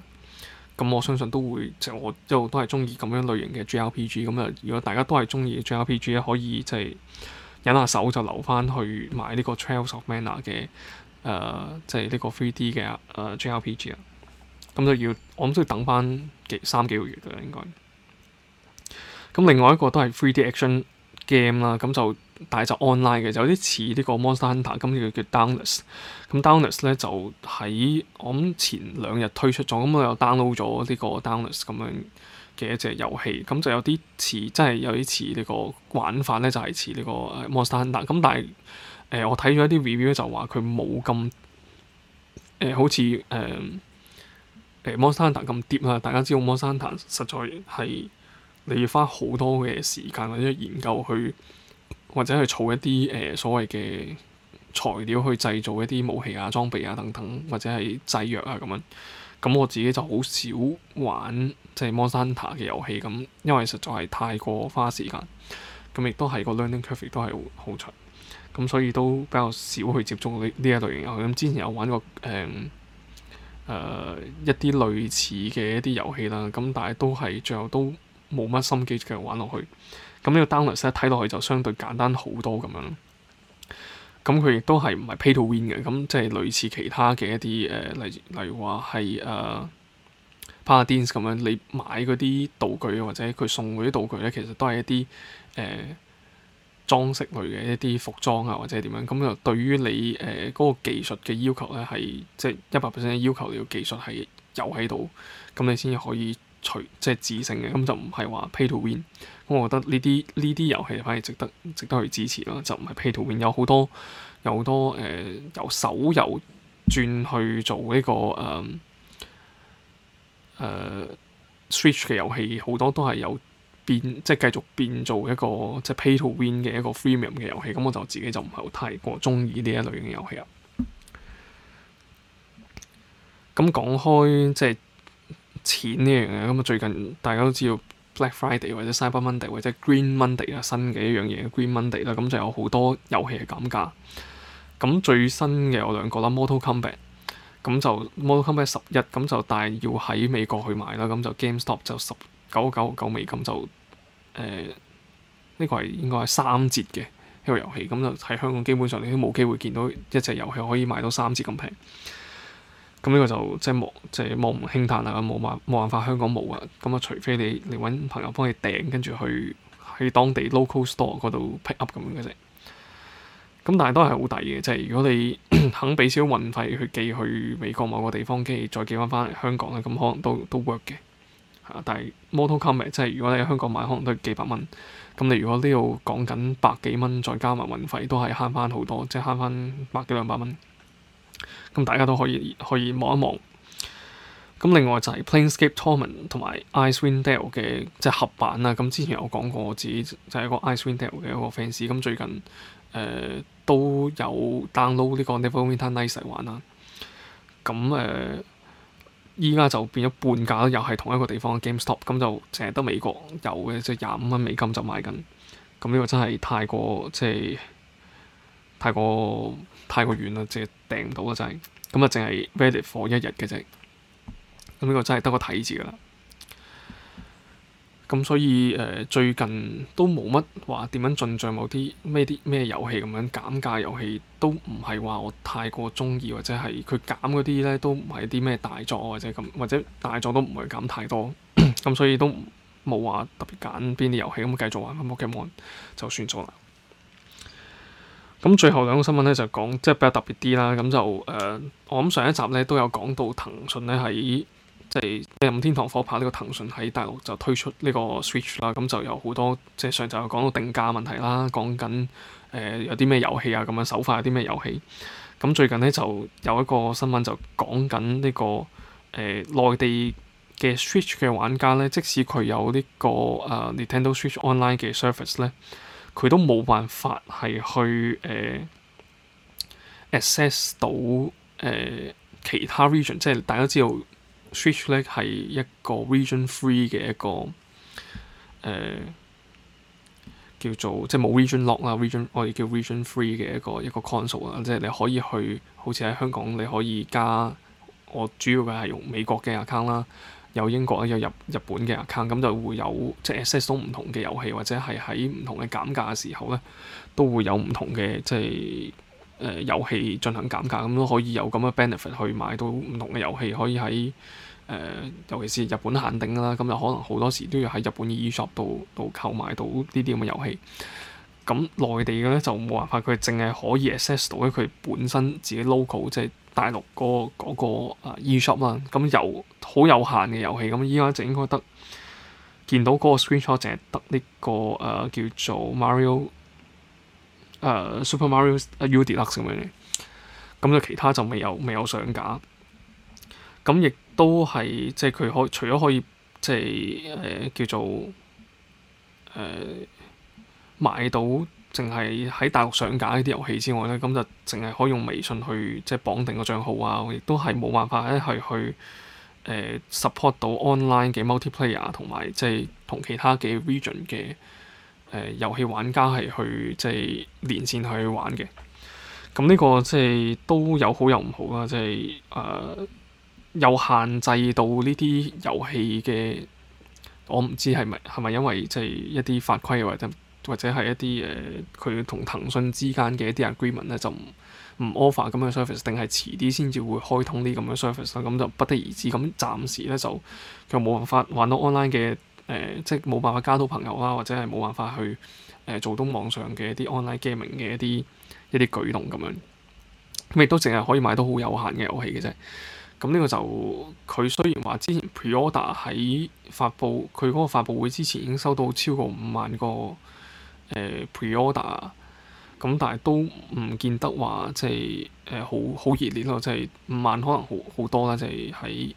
咁我相信都會，即係我之後都係中意咁樣類型嘅 JRPG 咁啊，如果大家都係中意 JRPG 咧，可以即係忍下手就留翻去買呢個 Trails of Mana 嘅。誒，即係呢個 3D 嘅誒 JRPG 啊，咁、uh, 就要我諗都要等翻幾三幾個月啦，應該。咁另外一個都係 3D action game 啦，咁就大集 online 嘅，就有啲似呢個 Monster Hunter，咁叫叫 Dauntless 咁 Dauntless 咧就喺我諗前兩日推出咗，咁我又 download 咗呢個 Dauntless 咁樣嘅一隻遊戲，咁就有啲似，即係有啲似呢個玩法咧，就係似呢個、uh, Monster Hunter。咁但係，誒、呃，我睇咗一啲 review 咧，就話佢冇咁誒，好似誒誒 m o n 塔咁跌啦。大家知道，o 山 s t 塔實在係你要花好多嘅時間或者研究去，或者去儲一啲誒、呃、所謂嘅材料去製造一啲武器啊、裝備啊等等，或者係製藥啊咁樣。咁我自己就好少玩即係 m 山 n 塔嘅遊戲咁，因為實在係太過花時間。咁亦都係個 learning curve 都係好長。咁所以都比較少去接觸呢呢一類型遊戲。咁之前有玩過誒誒、呃呃、一啲類似嘅一啲遊戲啦。咁但係都係最後都冇乜心機繼續玩落去。咁呢個《Dauntless》一睇落去就相對簡單好多咁樣。咁佢亦都係唔係 Pay-to-win 嘅。咁即係類似其他嘅一啲誒、呃，例例如話係誒《Paladins》咁樣。你買嗰啲道具或者佢送嗰啲道具咧，其實都係一啲誒。呃裝飾類嘅一啲服裝啊，或者點樣咁就對於你誒嗰、呃那個技術嘅要求咧，係即係一百 percent 嘅要求你要技術係有喺度咁你先至可以除即係自勝嘅，咁就唔係話 pay to win。咁我覺得呢啲呢啲遊戲反而值得值得去支持咯，就唔係 pay to win 有好多有好多誒、呃、由手遊轉去做呢、這個誒誒、呃呃、Switch 嘅遊戲，好多都係有。變即係繼續變做一個即係 Pay-to-win 嘅一個 freemium 嘅遊戲，咁我就自己就唔係好太過鍾意呢一類型嘅遊戲啊。咁講開即係錢呢樣嘢，咁啊最近大家都知道 Black Friday 或者 Cyber Monday 或者 Green Monday 啊，新嘅一樣嘢 Green Monday 啦，咁就有好多遊戲嘅減價。咁最新嘅有兩個啦，Mortal Kombat，咁就 Mortal Kombat 十一，咁就但係要喺美國去買啦，咁就 GameStop 就十九九九美金就誒呢、呃，呢個係應該係三折嘅一個遊戲，咁就喺香港基本上你都冇機會見到一隻遊戲可以賣到三折咁平。咁呢個就即係莫即係望唔興嘆啦，冇冇冇辦法，香港冇啊。咁啊，除非你你揾朋友幫你訂，跟住去喺當地 local store 嗰度 pick up 咁樣嘅啫。咁但係都係好抵嘅，即係如果你 肯畀少少運費去寄去美國某個地方，跟住再寄翻翻嚟香港咧，咁可能都都 work 嘅。但係 Mortal Kombat 即係如果你喺香港買，可能都係幾百蚊。咁你如果呢度講緊百幾蚊，再加埋運費，都係慳翻好多，即係慳翻百幾兩百蚊。咁大家都可以可以望一望。咁另外就係 Planescape Torment 同埋 Icewind Dale 嘅即係合版啦。咁之前我講過我自己就係一個 Icewind Dale 嘅一個 fans。咁最近誒、呃、都有 download 呢個 Neverwinter Nights 嚟玩啦。咁誒。呃而家就變咗半價又係同一個地方嘅 GameStop，咁就淨係得美國有嘅，即係廿五蚊美金就買緊，咁呢個真係太過即係太過太過遠啦，即係訂唔到啦真係，咁啊淨係 ready for 一日嘅啫，咁呢個真係得個睇字㗎啦。咁所以誒、呃、最近都冇乜話點樣進進某啲咩啲咩遊戲咁樣減價，遊戲都唔係話我太過中意或者係佢減嗰啲咧，都唔係啲咩大作或者咁，或者大作都唔會減太多。咁 所以都冇話特別揀邊啲遊戲咁繼續玩翻 Pokémon 就算咗啦。咁最後兩種新聞咧，就講即係比較特別啲啦。咁就誒、呃、我諗上一集咧都有講到騰訊咧喺。即係任天堂火拍呢、這個騰訊喺大陸就推出呢個 Switch 啦，咁就有好多即係、就是、上集有講到定價問題啦，講緊誒有啲咩遊戲啊，咁樣手法有啲咩遊戲。咁最近呢，就有一個新聞就講緊呢個誒、呃、內地嘅 Switch 嘅玩家咧，即使佢有呢、這個啊、呃、Nintendo Switch Online 嘅 service 咧，佢都冇辦法係去誒、呃、access 到誒、呃、其他 region，即係大家知道。Switch 咧係一個 region free 嘅一個誒、呃、叫做即係冇 region lock 啦，region 我哋叫 region free 嘅一個一個 console 啦，即係你可以去好似喺香港你可以加我主要嘅係用美國嘅 account 啦，有英國啦，有日日本嘅 account，咁就會有即係 access 到唔同嘅遊戲或者係喺唔同嘅減價嘅時候咧，都會有唔同嘅即係。誒、呃、遊戲進行減價咁都可以有咁嘅 benefit 去買到唔同嘅遊戲，可以喺誒、呃、尤其是日本限定啦，咁就可能好多時都要喺日本嘅 eShop 度度購買到呢啲咁嘅遊戲。咁內地嘅咧就冇辦法，佢淨係可以 access 到佢本身自己 local 即係大陸、嗰個嗰個 eShop 啦，咁有好有限嘅遊戲，咁依家就應該得見到嗰個 screenshot，就係得呢、呢個誒、呃、叫做 Mario。Uh, Super Mario U、U Deluxe 咁樣嘅，咁就其他就未有未有上架。咁亦都係即係佢可除咗可以，可以即係誒、呃、叫做誒、呃、買到，淨係喺大陸上架呢啲遊戲之外咧，咁就淨係可以用微信去即係綁定個帳號啊，亦都係冇辦法咧係去誒、呃、support 到 online 嘅 multiplayer 同埋即係同其他嘅 region 嘅。誒、呃、遊戲玩家係去即係連線去玩嘅，咁呢個即係都有好有唔好啦，即係誒有限制到呢啲遊戲嘅，我唔知係咪係咪因為即係一啲法規或者或者係一啲誒佢同騰訊之間嘅一啲 agreement 咧就唔 offer 咁嘅 service 定係遲啲先至會開通呢咁嘅 service 啊？咁就不得而知。咁暫時咧就佢冇辦法玩到 online 嘅。誒、呃、即係冇辦法交到朋友啦，或者係冇辦法去誒、呃、做到網上嘅一啲 online gaming 嘅一啲一啲舉動咁樣，咁亦都淨係可以買到好有限嘅遊戲嘅啫。咁呢個就佢雖然話之前 pre-order 喺發布佢嗰個發布會之前已經收到超過五萬個誒、呃、pre-order，咁但係都唔見得話即係誒好好熱烈咯，即係五萬可能好好多啦，即係喺。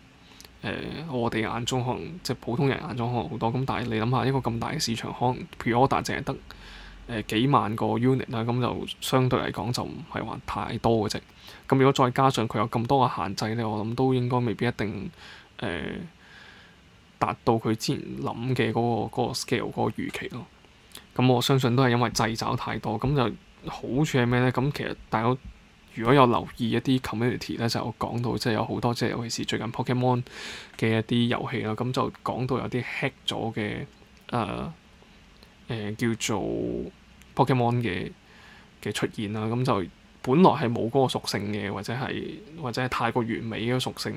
呃、我哋眼中可能即係普通人眼中可能好多咁，但係你諗下一個咁大嘅市場，可能譬如 pre-order 淨係得誒、呃、幾萬個 unit 啦，咁就相對嚟講就唔係話太多嘅啫。咁如果再加上佢有咁多嘅限制咧，我諗都應該未必一定誒、呃、達到佢之前諗嘅嗰個 scale 嗰個預期咯。咁我相信都係因為掣肘太多。咁就好處係咩咧？咁其實大家如果有留意一啲 community 咧，就講到即係有好多即係尤其是最近 Pokemon 嘅一啲遊戲啦，咁就講到有啲 hack 咗嘅誒誒、呃呃、叫做 Pokemon 嘅嘅出現啦。咁就本來係冇嗰個屬性嘅，或者係或者係太過完美嘅屬性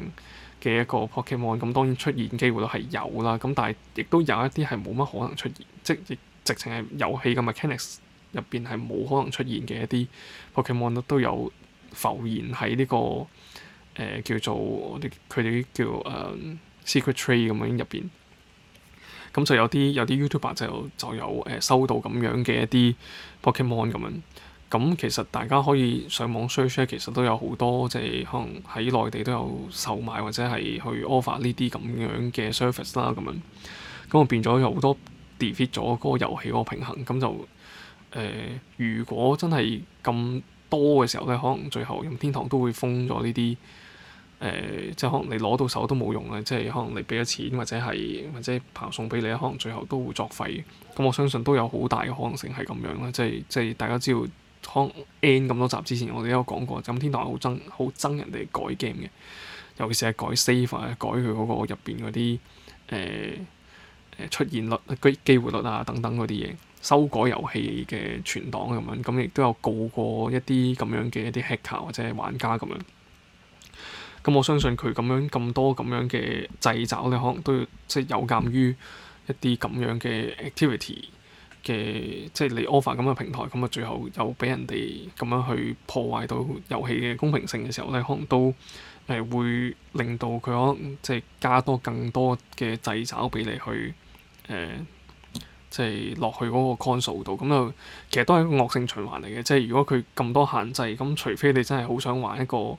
嘅一個 Pokemon，咁當然出現嘅機會都係有啦。咁但係亦都有一啲係冇乜可能出現，即係直情係遊戲嘅 mechanics 入邊係冇可能出現嘅一啲 Pokemon 都都有。浮現喺呢個誒、呃、叫做佢哋叫誒、呃、secret trade 咁樣入邊，咁就有啲有啲 YouTuber 就就有誒、呃、收到咁樣嘅一啲 Pokemon 咁樣，咁其實大家可以上網 search 咧，其實都有好多即係可能喺內地都有售賣或者係去 offer 呢啲咁樣嘅 service 啦咁樣，咁就變咗有好多 defeat 咗嗰個遊戲個平衡，咁就誒、呃、如果真係咁多嘅時候咧，可能最後《任天堂》都會封咗呢啲，誒、呃，即係可能你攞到手都冇用啊！即係可能你畀咗錢或者係或者派送俾你，可能最後都會作廢。咁我相信都有好大嘅可能性係咁樣啦，即係即係大家知道，可能 N 咁多集之前，我哋都有講過《任天堂》好憎好憎人哋改 game 嘅，尤其是係改 save 啊，改佢嗰個入邊嗰啲誒誒出現率、機機會率啊等等嗰啲嘢。修改遊戲嘅存檔咁樣，咁亦都有告過一啲咁樣嘅一啲 hacker 或者玩家咁樣。咁我相信佢咁樣咁多咁樣嘅掣肘咧，可能都要，即係有鑑於一啲咁樣嘅 activity 嘅，即係你 offer 咁嘅平台，咁啊最後又俾人哋咁樣去破壞到遊戲嘅公平性嘅時候咧，可能都誒會令到佢可能即係加多更多嘅掣肘俾你去誒。呃即係落去嗰個 console 度，咁又其實都係一個惡性循環嚟嘅。即係如果佢咁多限制，咁除非你真係好想玩一個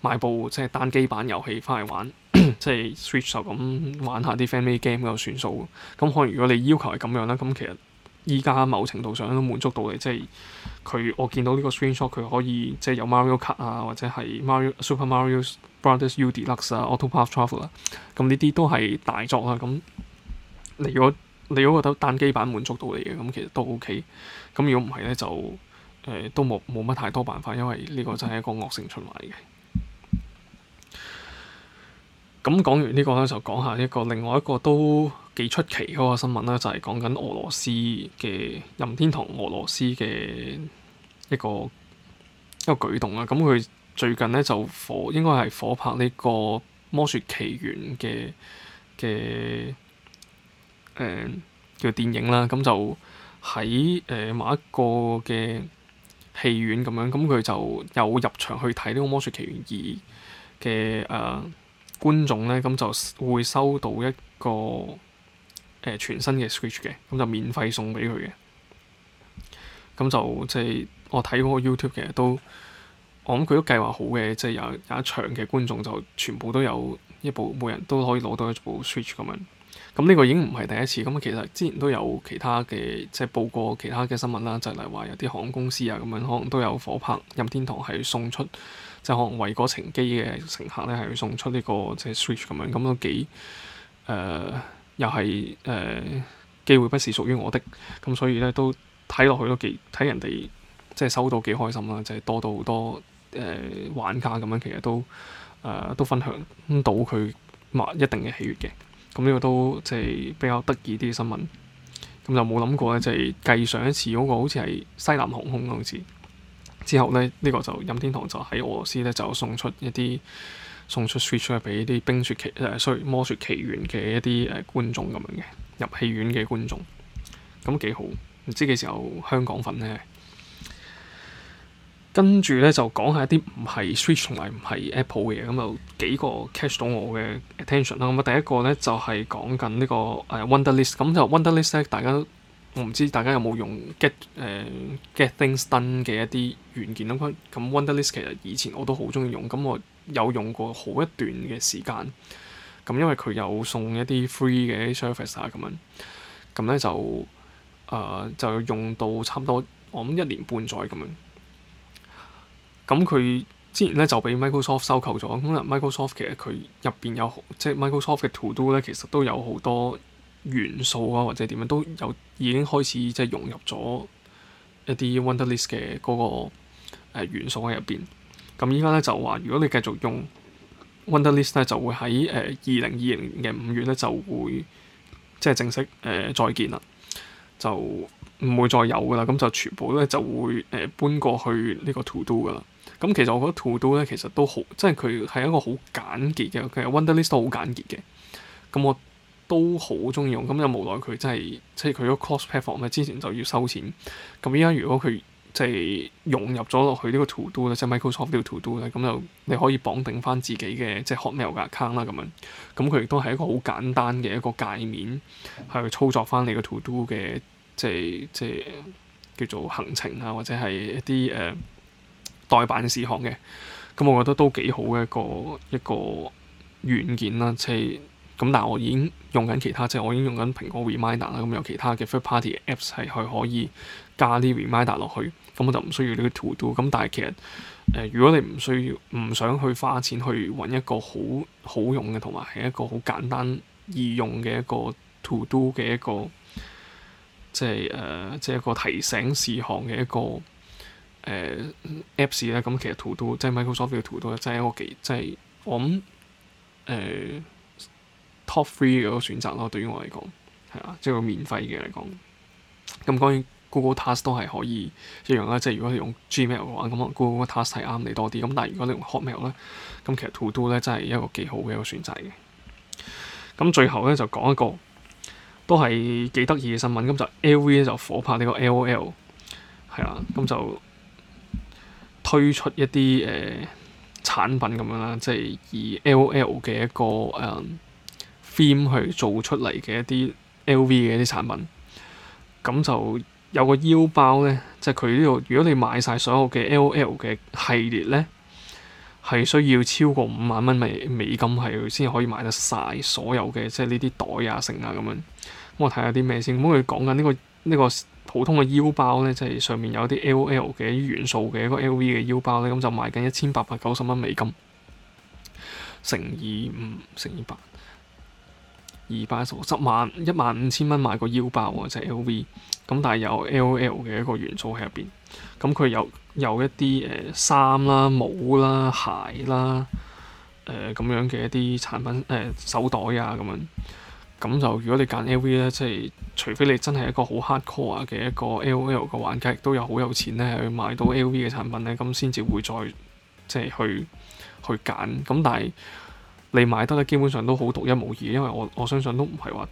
買部即係、就是、單機版遊戲翻嚟玩， 即係 Switch 就咁玩一下啲 family game 就算數。咁可能如果你要求係咁樣啦，咁其實依家某程度上都滿足到你。即係佢我見到呢個 Switch Shop 佢可以即係有 Mario Kart 啊，或者係 Mario Super Mario Brothers U Deluxe 啊，Octopath Traveler 啊，咁呢啲都係大作啊。咁你如果你如果覺得單機版滿足到你嘅，咁其實都 OK。咁如果唔係咧，就誒都冇冇乜太多辦法，因為呢個真係一個惡性循環嘅。咁、嗯、講完個呢個咧，就講下呢個另外一個都幾出奇嗰個新聞啦。就係、是、講緊俄羅斯嘅任天堂，俄羅斯嘅一個一個舉動啦。咁、嗯、佢最近咧就火，應該係火拍呢個《魔雪奇緣》嘅嘅。誒、嗯、叫電影啦，咁就喺誒、呃、某一個嘅戲院咁樣，咁佢就有入場去睇《呢個魔術奇緣二》嘅、呃、誒觀眾咧，咁就會收到一個誒、呃、全新嘅 Switch 嘅，咁就免費送畀佢嘅。咁就即係、就是、我睇嗰個 YouTube 其實都，我諗佢都計劃好嘅，即、就、係、是、有一有一場嘅觀眾就全部都有一部，每人都可以攞到一部 Switch 咁樣。咁呢個已經唔係第一次，咁其實之前都有其他嘅即係報過其他嘅新聞啦，就係話有啲航空公司啊咁樣可能都有火拍任天堂係送出，即係可能為嗰程機嘅乘客咧係送出呢、這個即係 Switch 咁樣，咁都幾誒、呃，又係誒機會不是屬於我的，咁所以咧都睇落去都幾睇人哋即係收到幾開心啦，就係多到好多誒、呃、玩家咁樣，其實都誒、呃、都分享到佢一定嘅喜悅嘅。咁呢個都即係比較得意啲新聞，咁就冇諗過咧，即係繼上一次嗰個好似係西南航空嗰次，之後咧呢、呢個就任天堂就喺俄羅斯咧就送出一啲送出 Switch 出去俾啲冰雪奇誒《雖然、呃、魔雪奇緣》嘅一啲誒觀眾咁樣嘅入戲院嘅觀眾，咁幾好，唔知幾時有香港份咧。跟住咧就講下一啲唔係 Switch，同埋唔係 Apple 嘅嘢，咁就幾個 catch 到我嘅 attention 啦。咁啊，第一個咧就係講緊呢個誒 Wonderlist，咁就 Wonderlist 咧，大家我唔知大家有冇用 get 誒、uh, get things done 嘅一啲軟件啦。咁咁 Wonderlist 其實以前我都好中意用，咁我有用過好一段嘅時間。咁因為佢有送一啲 free 嘅 service 啊，咁樣咁咧就誒、uh, 就用到差唔多我諗一年半載咁樣。咁佢之前咧就俾 Microsoft 收購咗，咁、嗯、啊 Microsoft 其實佢入邊有即係、就是、Microsoft 嘅 To Do 咧，其實都有好多元素啊，或者點樣都有已經開始即係融入咗一啲 Wunderlist 嘅、那、嗰個誒、呃、元素喺入邊。咁依家咧就話如果你繼續用 Wunderlist 咧，就會喺誒二零二零年嘅五月咧就會即係、就是、正式誒、呃、再見啦，就唔會再有噶啦。咁就全部咧就會誒、呃、搬過去呢個 To Do 噶啦。咁其實我覺得 To Do 咧，其實都好，即係佢係一個好簡潔嘅，佢係 Wonderlist 都好簡潔嘅。咁我都好中意用，咁又無奈佢真係，即係佢嗰 cross platform 咧，之前就要收錢。咁依家如果佢即係融入咗落去呢個 To Do 咧，即係 Microsoft 呢個 To Do 咧，咁就你可以綁定翻自己嘅即係 Hotmail account 啦，咁樣。咁佢亦都係一個好簡單嘅一個界面係去操作翻你個 To Do 嘅，即係即係叫做行程啊，或者係一啲誒。Uh, 代辦事項嘅，咁我覺得都幾好嘅一個一個軟件啦。即係咁，但係我已經用緊其他，即係我已經用緊蘋果 Reminder 啦。咁有其他嘅 Third Party Apps 係佢可以加啲 Reminder 落去。咁我就唔需要呢個 Todo。咁但係其實誒、呃，如果你唔需要唔想去花錢去揾一個好好用嘅，同埋係一個好簡單易用嘅一個 Todo 嘅一個，即係誒，即係 uh, 一個提醒事項嘅一個。誒、呃、Apps 咧，咁其實 To Do 即係 Microsoft 嘅 To Do，真係一個幾即係我諗誒、呃、Top Three 嘅一個選擇咯。對於我嚟講，係啊，即係個免費嘅嚟講。咁當然 Google Tasks 都係可以即一樣啦。即係如果你用 Gmail 嘅話，咁 Google Tasks 係啱你多啲。咁但係如果你用 Hotmail 咧，咁其實 To Do 咧真係一個幾好嘅一個選擇嘅。咁最後咧就講一個都係幾得意嘅新聞，咁就 L V 咧就夥拍呢、這個 L O L 係啊，咁就。推出一啲誒、呃、產品咁樣啦，即係以 L.O.L 嘅一個誒 theme、呃、 去做出嚟嘅一啲 L.V 嘅一啲產品，咁就有個腰包咧，即係佢呢度。如果你買晒所有嘅 L.O.L 嘅系列咧，係需要超過五萬蚊美美金係先可以買得晒所有嘅，即係呢啲袋啊、成啊咁樣。咁我睇下啲咩先。咁佢講緊呢個呢個。呢個普通嘅腰包咧，即係上面有啲 L.O.L 嘅元素嘅一個 L.V 嘅腰包咧，咁就賣緊一千八百九十蚊美金，乘以五，乘以八，二百一十，十萬，一萬五千蚊買個腰包喎，就係 L.V，咁但係有 L.O.L 嘅一個元素喺入邊，咁佢有有一啲誒衫啦、帽啦、鞋啦，誒咁樣嘅一啲產品，誒手袋啊咁樣。咁就如果你揀 LV 咧，即係除非你真係一個好 hardcore 嘅一個 LOL 嘅玩家，亦都有好有錢咧，去買到 LV 嘅產品咧，咁先至會再即係去去揀。咁但係你買得咧，基本上都好獨一無二，因為我我相信都唔係話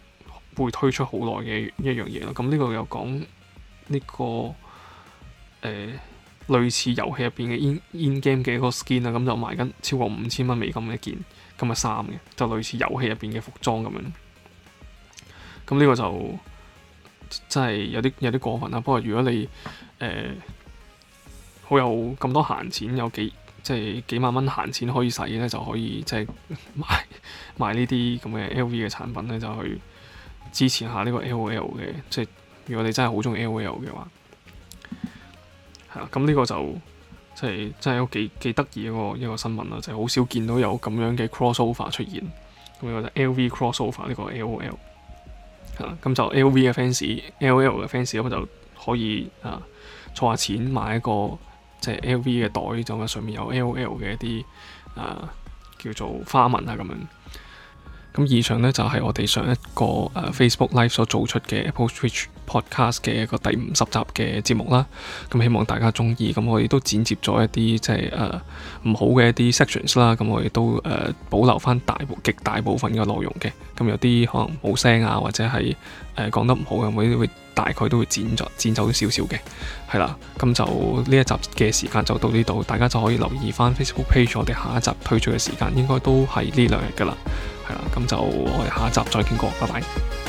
會推出好耐嘅一樣嘢啦。咁呢個又講呢、呢個誒、呃、類似遊戲入邊嘅 in in game 嘅一個 skin 啊，咁就賣緊超過五千蚊美金一件咁嘅衫嘅，就類似遊戲入邊嘅服裝咁樣。咁呢個就真係有啲有啲過分啦、啊。不過如果你誒、呃、好有咁多閒錢，有幾即係幾萬蚊閒錢可以使咧，就可以即係買買呢啲咁嘅 L.V. 嘅產品咧，就去支持下呢個 L.O.L. 嘅。即係如果你真係好中意 L.O.L. 嘅話，係啦。咁呢個就即係真係都幾幾得意一個一個新聞啦、啊，就係、是、好少見到有咁樣嘅 crossover 出現。咁呢個 L.V. crossover 呢個 L.O.L. 咁就 LV 嘅 fans，LL 嘅 fans 咁就可以啊，儲下錢買一個即係 LV 嘅袋，就話、是、上面有 LL 嘅一啲啊叫做花紋啊咁樣。咁以上咧就係、是、我哋上一個誒、啊、Facebook Live 所做出嘅 Apple Switch。Podcast 嘅一個第五十集嘅節目啦，咁希望大家中意，咁我哋都剪接咗一啲即係誒唔好嘅一啲 sections 啦，咁我哋都誒、呃、保留翻大部極大部分嘅內容嘅，咁有啲可能冇聲啊，或者係誒、呃、講得唔好嘅，我哋會大概都會剪咗剪走少少嘅，係啦，咁就呢一集嘅時間就到呢度，大家就可以留意翻 Facebook page 我哋下一集推出嘅時間應該都係呢兩日噶啦，係啦，咁就我哋下一集再見過，拜拜。